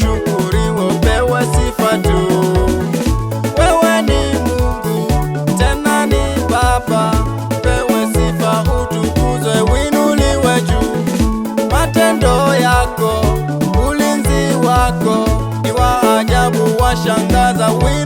shukuriwe, pewa sifa tu. Wewe ni Mungu tena ni Baba, pewe sifa, utukuzwe, winuliwe juu. Matendo yako, ulinzi wako ni wa ajabu, washangaza.